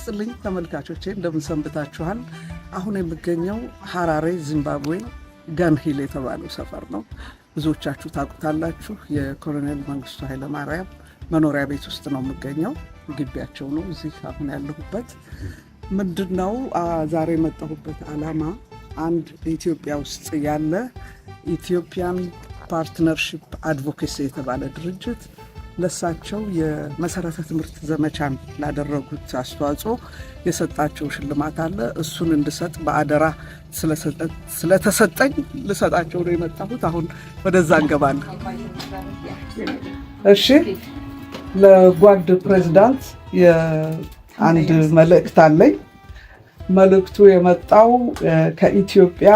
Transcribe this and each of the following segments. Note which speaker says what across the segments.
Speaker 1: ይስጥልኝ ተመልካቾቼ፣ እንደምንሰንብታችኋል። አሁን የምገኘው ሀራሬ ዚምባብዌ ጋንሂል የተባለው ሰፈር ነው። ብዙዎቻችሁ ታውቁታላችሁ። የኮሎኔል መንግስቱ ኃይለማርያም መኖሪያ ቤት ውስጥ ነው የምገኘው። ግቢያቸው ነው እዚህ አሁን ያለሁበት። ምንድን ነው ዛሬ የመጣሁበት አላማ አንድ ኢትዮጵያ ውስጥ ያለ ኢትዮጵያን ፓርትነርሽፕ አድቮኬሲ የተባለ ድርጅት ለሳቸው የመሰረተ ትምህርት ዘመቻን ላደረጉት አስተዋጽኦ የሰጣቸው ሽልማት አለ። እሱን እንድሰጥ በአደራ ስለተሰጠኝ ልሰጣቸው ነው የመጣሁት። አሁን ወደዛ እንገባለን። እሺ፣ ለጓድ ፕሬዚዳንት አንድ መልእክት አለኝ። መልእክቱ የመጣው ከኢትዮጵያ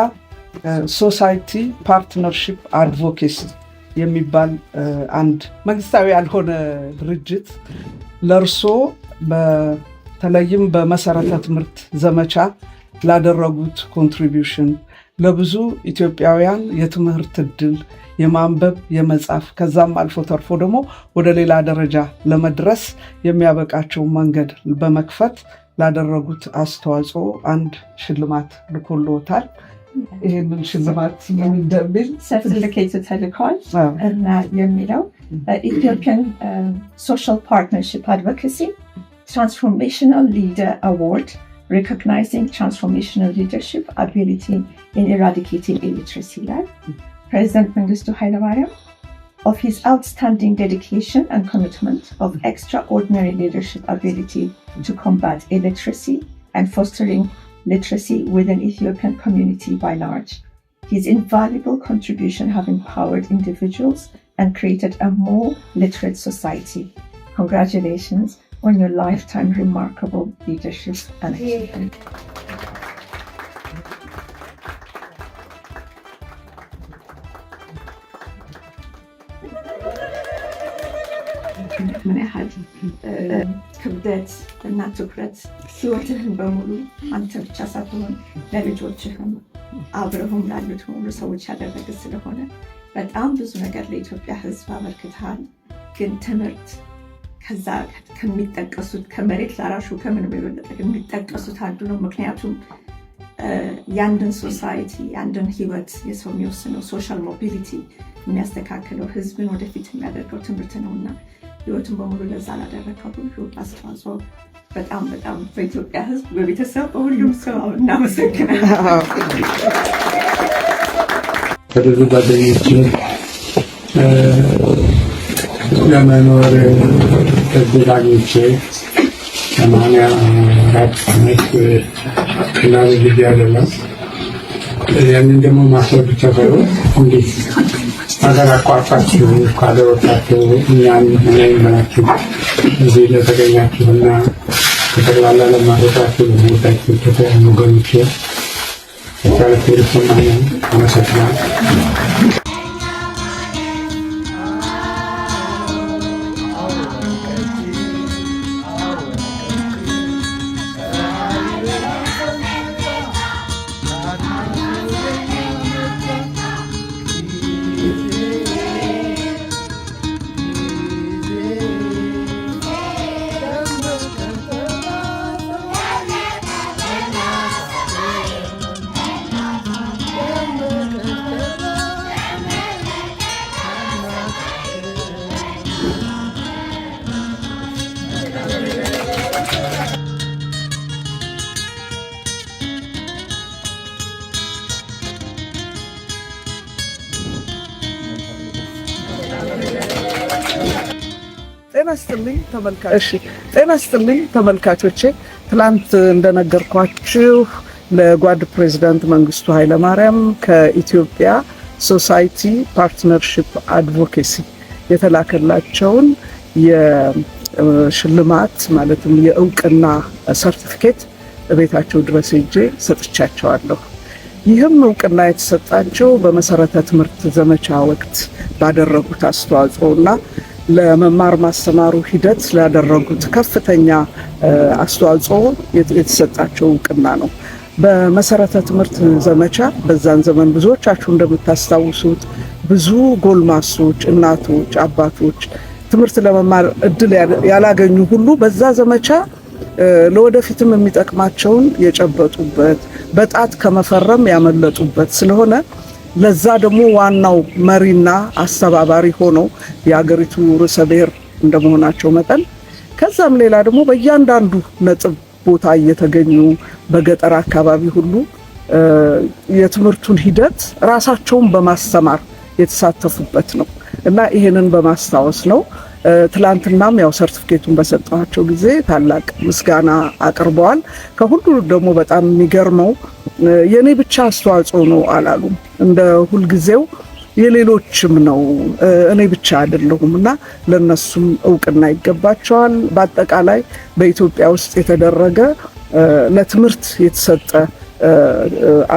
Speaker 1: ሶሳይቲ ፓርትነርሺፕ አድቮኬሲ የሚባል አንድ መንግስታዊ ያልሆነ ድርጅት ለእርሶ በተለይም በመሰረተ ትምህርት ዘመቻ ላደረጉት ኮንትሪቢሽን ለብዙ ኢትዮጵያውያን የትምህርት እድል የማንበብ የመጻፍ ከዛም አልፎ ተርፎ ደግሞ ወደ ሌላ ደረጃ ለመድረስ የሚያበቃቸው መንገድ በመክፈት ላደረጉት አስተዋጽኦ አንድ ሽልማት ልኮልዎታል። in Shizamatsu Marinda Mill.
Speaker 2: of telecoins oh. and uh, your middle. Mm-hmm. Uh, Ethiopian uh, Social Partnership Advocacy, Transformational Leader Award, recognizing transformational leadership ability in eradicating illiteracy. Mm-hmm. President Mengistu of his outstanding dedication and commitment of mm-hmm. extraordinary leadership ability to combat illiteracy and fostering literacy within Ethiopian community by large. His invaluable contribution have empowered individuals and created a more literate society. Congratulations on your lifetime remarkable leadership and achievement.
Speaker 3: ክብደት እና ትኩረት ህይወትህን በሙሉ አንተ ብቻ ሳትሆን ለልጆችህም አብረሁም ላሉት ሁሉ ሰዎች ያደረገ ስለሆነ በጣም ብዙ ነገር ለኢትዮጵያ ህዝብ አበርክተሃል። ግን ትምህርት ከዛ ከሚጠቀሱት ከመሬት ላራሹ ከምንም የበለጠ ከሚጠቀሱት አንዱ ነው። ምክንያቱም የአንድን ሶሳይቲ የአንድን ህይወት የሰው የሚወስነው ሶሻል ሞቢሊቲ የሚያስተካክለው ህዝብን ወደፊት የሚያደርገው ትምህርት ነውና ህይወትን በሙሉ ለዛ ላደረከው ሁሉ አስተዋጽኦ በጣም በጣም በኢትዮጵያ ህዝብ፣ በቤተሰብ፣ በሁሉም ሰው እናመሰግናለን።
Speaker 4: ከብዙ ጓደኞች ለመኖር እድል አግኝቼ ሰማንያ አራት ዓመት እና ልጅ ያለላ ያንን ደግሞ ማስረዱ ተፈሩ እንዴት ሀገር አቋርጣችሁ ከሀገር ወጣችሁ እኛም እኔም ሆናችሁ እዚህ ለተገኛችሁና ከጠቅላላ ለማሮጣችሁ ለሞታችሁ ኢትዮጵያን ወገኖቼ የቻለ ቴሌፎን አመሰግናል።
Speaker 1: ጤና ስጥልኝ ተመልካቾች፣ ጤና ስጥልኝ ተመልካቾቼ። ትላንት እንደነገርኳችሁ ለጓድ ፕሬዚዳንት መንግስቱ ኃይለማርያም ከኢትዮጵያ ሶሳይቲ ፓርትነርሽፕ አድቮኬሲ የተላከላቸውን የሽልማት ማለትም የእውቅና ሰርቲፊኬት ቤታቸው ድረስ ሄጄ ሰጥቻቸዋለሁ። ይህም እውቅና የተሰጣቸው በመሰረተ ትምህርት ዘመቻ ወቅት ባደረጉት አስተዋጽኦ እና ለመማር ማስተማሩ ሂደት ላደረጉት ከፍተኛ አስተዋጽኦ የተሰጣቸው እውቅና ነው። በመሰረተ ትምህርት ዘመቻ በዛን ዘመን ብዙዎቻችሁ እንደምታስታውሱት ብዙ ጎልማሶች፣ እናቶች፣ አባቶች ትምህርት ለመማር እድል ያላገኙ ሁሉ በዛ ዘመቻ ለወደፊትም የሚጠቅማቸውን የጨበጡበት በጣት ከመፈረም ያመለጡበት ስለሆነ ለዛ ደግሞ ዋናው መሪና አስተባባሪ ሆነው የሀገሪቱ ርዕሰ ብሔር እንደመሆናቸው መጠን ከዛም ሌላ ደግሞ በእያንዳንዱ ነጥብ ቦታ እየተገኙ በገጠር አካባቢ ሁሉ የትምህርቱን ሂደት ራሳቸውን በማስተማር የተሳተፉበት ነው እና ይሄንን በማስታወስ ነው ትላንትናም ያው ሰርቲፊኬቱን በሰጠኋቸው ጊዜ ታላቅ ምስጋና አቅርበዋል። ከሁሉ ደግሞ በጣም የሚገርመው የእኔ ብቻ አስተዋጽኦ ነው አላሉም። እንደ ሁልጊዜው የሌሎችም ነው፣ እኔ ብቻ አይደለሁም እና ለነሱም እውቅና ይገባቸዋል። በአጠቃላይ በኢትዮጵያ ውስጥ የተደረገ ለትምህርት የተሰጠ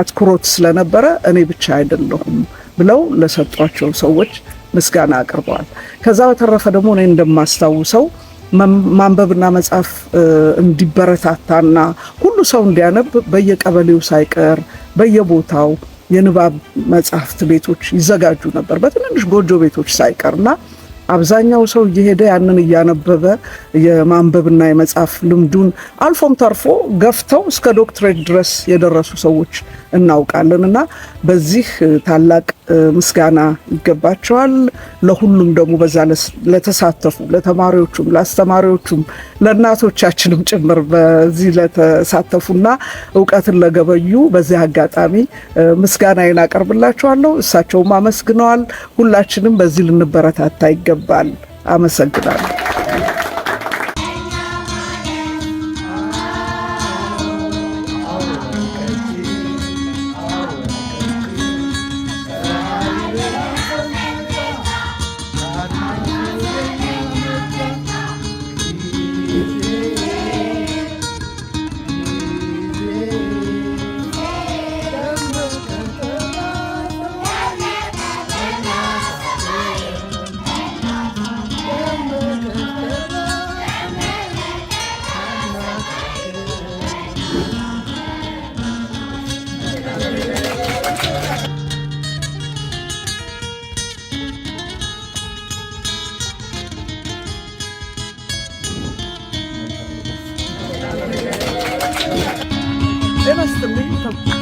Speaker 1: አትኩሮት ስለነበረ እኔ ብቻ አይደለሁም ብለው ለሰጧቸው ሰዎች ምስጋና አቅርበዋል። ከዛ በተረፈ ደግሞ እኔ እንደማስታውሰው ማንበብና መጻፍ እንዲበረታታና ሁሉ ሰው እንዲያነብ በየቀበሌው ሳይቀር በየቦታው የንባብ መጽሐፍት ቤቶች ይዘጋጁ ነበር፣ በትንንሽ ጎጆ ቤቶች ሳይቀርና አብዛኛው ሰው እየሄደ ያንን እያነበበ የማንበብና የመጻፍ ልምዱን አልፎም ተርፎ ገፍተው እስከ ዶክትሬት ድረስ የደረሱ ሰዎች እናውቃለን እና በዚህ ታላቅ ምስጋና ይገባቸዋል። ለሁሉም ደግሞ በዛ ለተሳተፉ ለተማሪዎቹም፣ ለአስተማሪዎቹም፣ ለእናቶቻችንም ጭምር በዚህ ለተሳተፉና እውቀትን ለገበዩ በዚህ አጋጣሚ ምስጋናዬን አቀርብላቸዋለሁ። እሳቸውም አመስግነዋል። ሁላችንም በዚህ ልንበረታታ ይገባል። ይገባል። አመሰግናለሁ። Give us the leap